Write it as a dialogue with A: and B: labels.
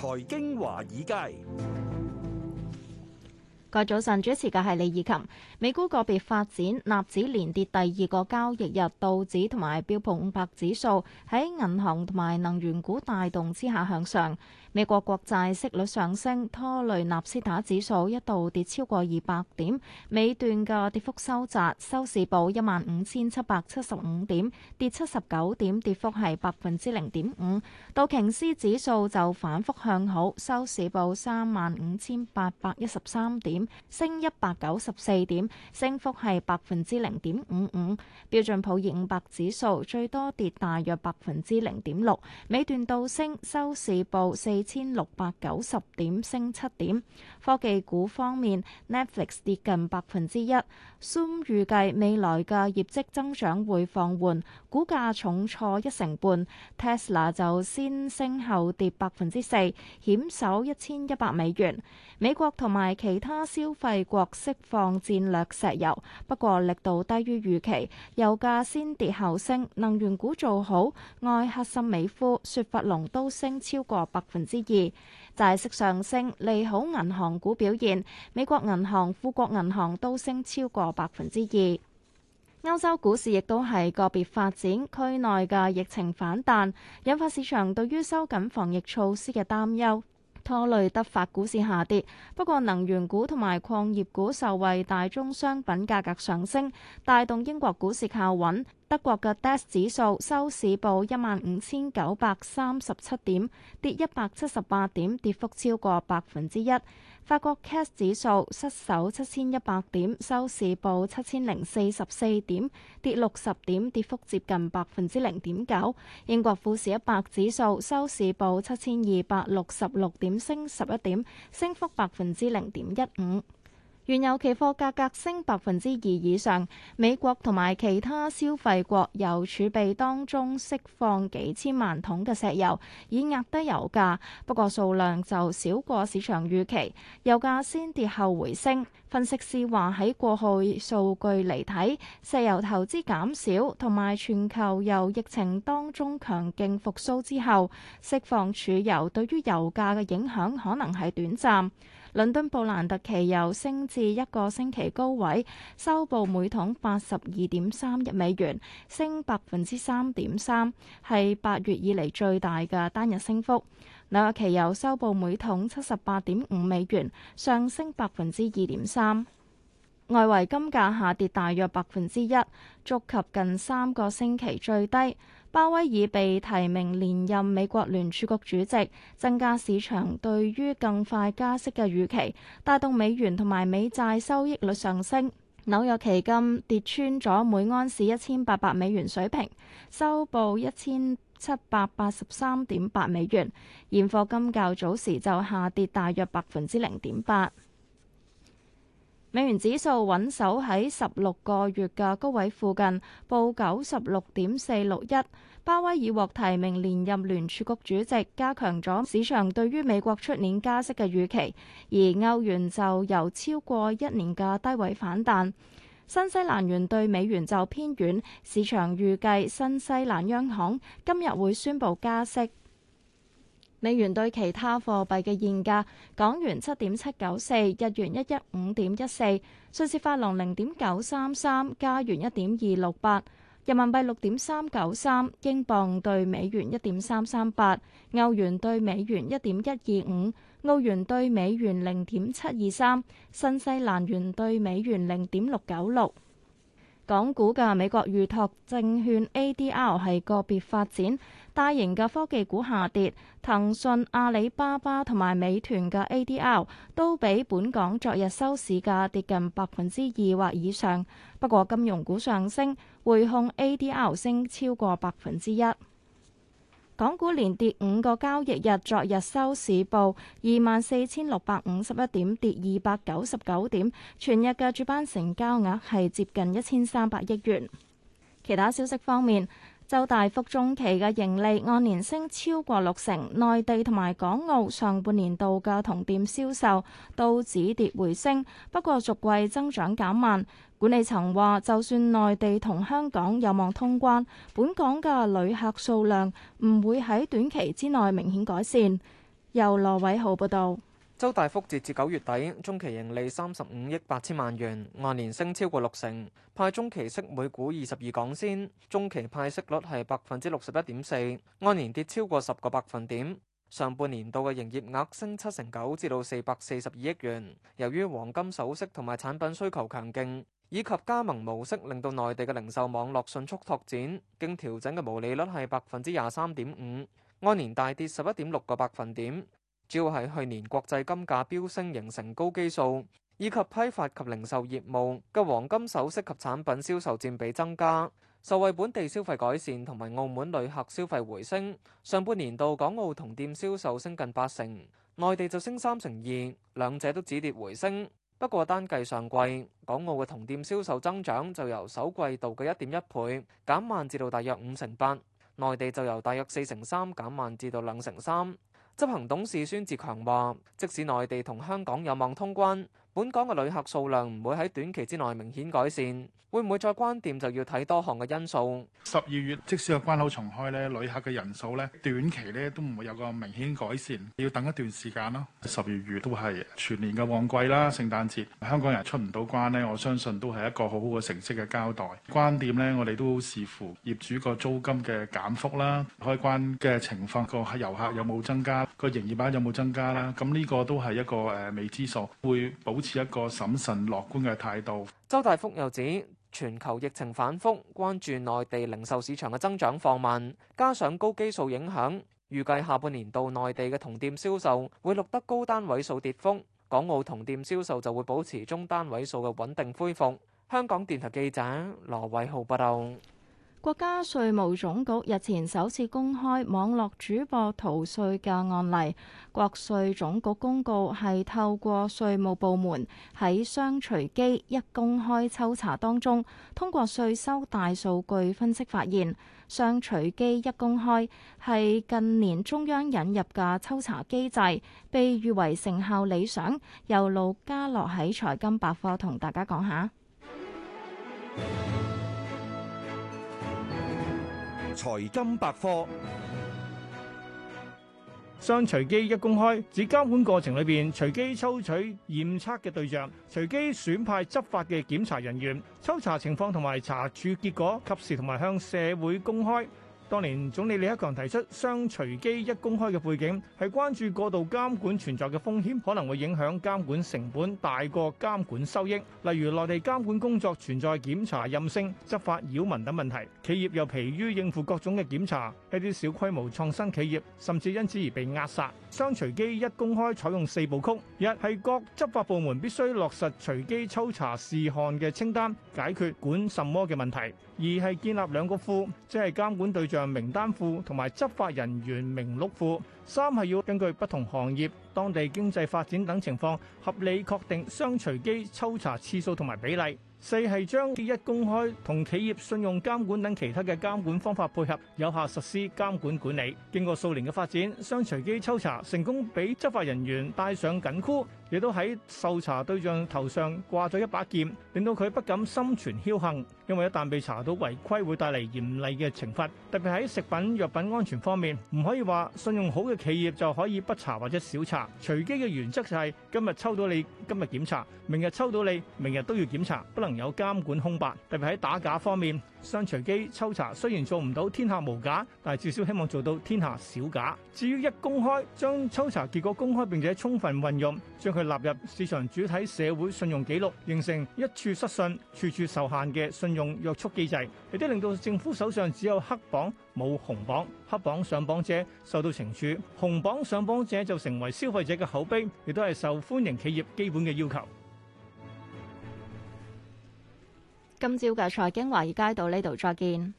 A: 財經華爾街。
B: 今早晨主持嘅係李怡琴。美股個別發展，納指連跌第二個交易日，道指同埋標普五百指數喺銀行同埋能源股帶動之下向上。美國國債息率上升，拖累納斯達指數一度跌超過二百點，尾段嘅跌幅收窄，收市報一萬五千七百七十五點，跌七十九點，跌幅係百分之零點五。道瓊斯指數就反復向好，收市報三萬五千八百一十三點。升一百九十四點，升幅係百分之零點五五。標準普爾五百指數最多跌大約百分之零點六。尾段倒升，收市報四千六百九十點，升七點。科技股方面，Netflix 跌近百分之一。Zoom 預計未來嘅業績增長會放緩，股價重挫一成半。Tesla 就先升後跌百分之四，險守一千一百美元。美國同埋其他。.消費國釋放戰略石油，不過力度低於預期，油價先跌後升。能源股做好，愛克森美孚、雪佛龍都升超過百分之二。債息上升，利好銀行股表現，美國銀行、富國銀行都升超過百分之二。歐洲股市亦都係個別發展，區內嘅疫情反彈，引發市場對於收緊防疫措施嘅擔憂。拖累德法股市下跌，不過能源股同埋礦業股受惠大宗商品價格上升，帶動英國股市靠穩。德國嘅 DAX 指數收市報一萬五千九百三十七點，跌一百七十八點，跌幅超過百分之一。法國 CAC 指數失守七千一百點，收市報七千零四十四點，跌六十點，跌幅接近百分之零點九。英國富時一百指數收市報七千二百六十六點，升十一點，升幅百分之零點一五。原油期貨價格升百分之二以上，美國同埋其他消費國油儲備當中釋放幾千萬桶嘅石油，以壓低油價。不過數量就少過市場預期，油價先跌後回升。分析師話喺過去數據嚟睇，石油投資減少同埋全球由疫情當中強勁復甦之後，釋放儲油對於油價嘅影響可能係短暫。倫敦布蘭特期油升至一個星期高位，收報每桶八十二點三一美元，升百分之三點三，係八月以嚟最大嘅單日升幅。紐約期油收報每桶七十八點五美元，上升百分之二點三。外圍金價下跌大約百分之一，觸及近三個星期最低。鮑威爾被提名連任美國聯儲局主席，增加市場對於更快加息嘅預期，帶動美元同埋美債收益率上升。紐約期金跌穿咗每安士一千八百美元水平，收報一千七百八十三點八美元。現貨金較早時就下跌大約百分之零點八。美元指數穩守喺十六個月嘅高位附近，報九十六點四六一。巴威爾獲提名連任聯儲局主席，加強咗市場對於美國出年加息嘅預期，而歐元就由超過一年嘅低位反彈。新西蘭元對美元就偏軟，市場預計新西蘭央行今日會宣布加息。美元對其他貨幣嘅現價：港元七點七九四，日元一一五點一四，瑞士法郎零點九三三，加元一點二六八，人民幣六點三九三，英鎊對美元一點三三八，歐元對美元一點一二五，澳元對美元零點七二三，新西蘭元對美元零點六九六。港股嘅美國預託證券 ADR 係個別發展，大型嘅科技股下跌，騰訊、阿里巴巴同埋美團嘅 ADR 都比本港昨日收市價跌近百分之二或以上。不過金融股上升，匯控 ADR 升超過百分之一。港股連跌五個交易日，昨日收市報二萬四千六百五十一點，跌二百九十九點。全日嘅主板成交額係接近一千三百億元。其他消息方面。周大福中期嘅盈利按年升超過六成，內地同埋港澳上半年度嘅同店銷售都止跌回升，不過逐季增長減慢。管理層話，就算內地同香港有望通關，本港嘅旅客數量唔會喺短期之內明顯改善。由羅偉浩報道。
C: 周大福截至九月底中期盈利三十五億八千萬元，按年升超過六成，派中期息每股二十二港仙，中期派息率係百分之六十一點四，按年跌超過十個百分點。上半年度嘅營業額升七成九，至到四百四十二億元。由於黃金首飾同埋產品需求強勁，以及加盟模式令到內地嘅零售網絡迅速拓展，經調整嘅毛利率係百分之廿三點五，按年大跌十一點六個百分點。主要係去年國際金價飆升形成高基數，以及批發及零售業務嘅黃金首飾及產品銷售佔比增加，受惠本地消費改善同埋澳門旅客消費回升，上半年度港澳同店銷售升近八成。執行董事孫志強話，即使內地同香港有望通關，本港嘅旅客數量唔會喺短期之內明顯改善，會唔會再關店就要睇多項嘅因素。
A: 十二月即使個關口重開咧，旅客嘅人數咧短期咧都唔會有個明顯改善，要等一段時間咯。十二月都係全年嘅旺季啦，聖誕節香港人出唔到關咧，我相信都係一個好好嘅成績嘅交代。關店咧，我哋都視乎業主個租金嘅減幅啦，開關嘅情況個遊客有冇增加，個營業額有冇增加啦。咁呢個都係一個誒未知數，會保持持一個審慎樂觀嘅態度。
C: 周大福又指，全球疫情反覆，關注內地零售市場嘅增長放慢，加上高基數影響，預計下半年度內地嘅同店銷售會錄得高單位數跌幅，港澳同店銷售就會保持中單位數嘅穩定恢復。香港電台記者羅偉浩報道。
B: 國家稅務總局日前首次公開網絡主播逃稅嘅案例。國稅總局公告係透過稅務部門喺雙隨機一公開抽查當中，通過稅收大數據分析發現，雙隨機一公開係近年中央引入嘅抽查機制，被譽為成效理想。由盧家樂喺財金百貨同大家講下。
A: 財金百科：雙隨機一公開指監管過程裏邊隨機抽取驗測嘅對象，隨機選派執法嘅檢查人員，抽查情況同埋查處結果，及時同埋向社會公開。當年總理李克強提出雙隨機一公開嘅背景係關注過度監管存在嘅風險，可能會影響監管成本大過監管收益。例如內地監管工作存在檢查任性、執法擾民等問題，企業又疲於應付各種嘅檢查，一啲小規模創新企業甚至因此而被扼殺。雙隨機一公開採用四部曲：一係各執法部門必須落實隨機抽查事項嘅清單，解決管什麼嘅問題；二係建立兩個庫，即係監管對象名單庫同埋執法人員名錄庫。三係要根據不同行業、當地經濟發展等情況，合理確定雙隨機抽查次數同埋比例。四係將機一公開同企業信用監管等其他嘅監管方法配合，有效實施監管管理。經過數年嘅發展，雙隨機抽查成功俾執法人員戴上緊箍。亦都喺受查對象頭上掛咗一把劍，令到佢不敢心存僥倖，因為一旦被查到違規，會帶嚟嚴厲嘅懲罰。特別喺食品藥品安全方面，唔可以話信用好嘅企業就可以不查或者少查。隨機嘅原則就係今日抽到你，今日檢查；明日抽到你，明日都要檢查，不能有監管空白。特別喺打假方面，雙隨機抽查，雖然做唔到天下無假，但係至少希望做到天下少假。至於一公開，將抽查結果公開並且充分運用，將，佢納入市場主體社會信用記錄，形成一處失信，處處受限嘅信用約束機制，亦都令到政府手上只有黑榜冇紅榜，黑榜上榜者受到懲處，紅榜上榜者就成為消費者嘅口碑，亦都係受歡迎企業基本嘅要求。
B: 今朝嘅財經華爾街到呢度再見。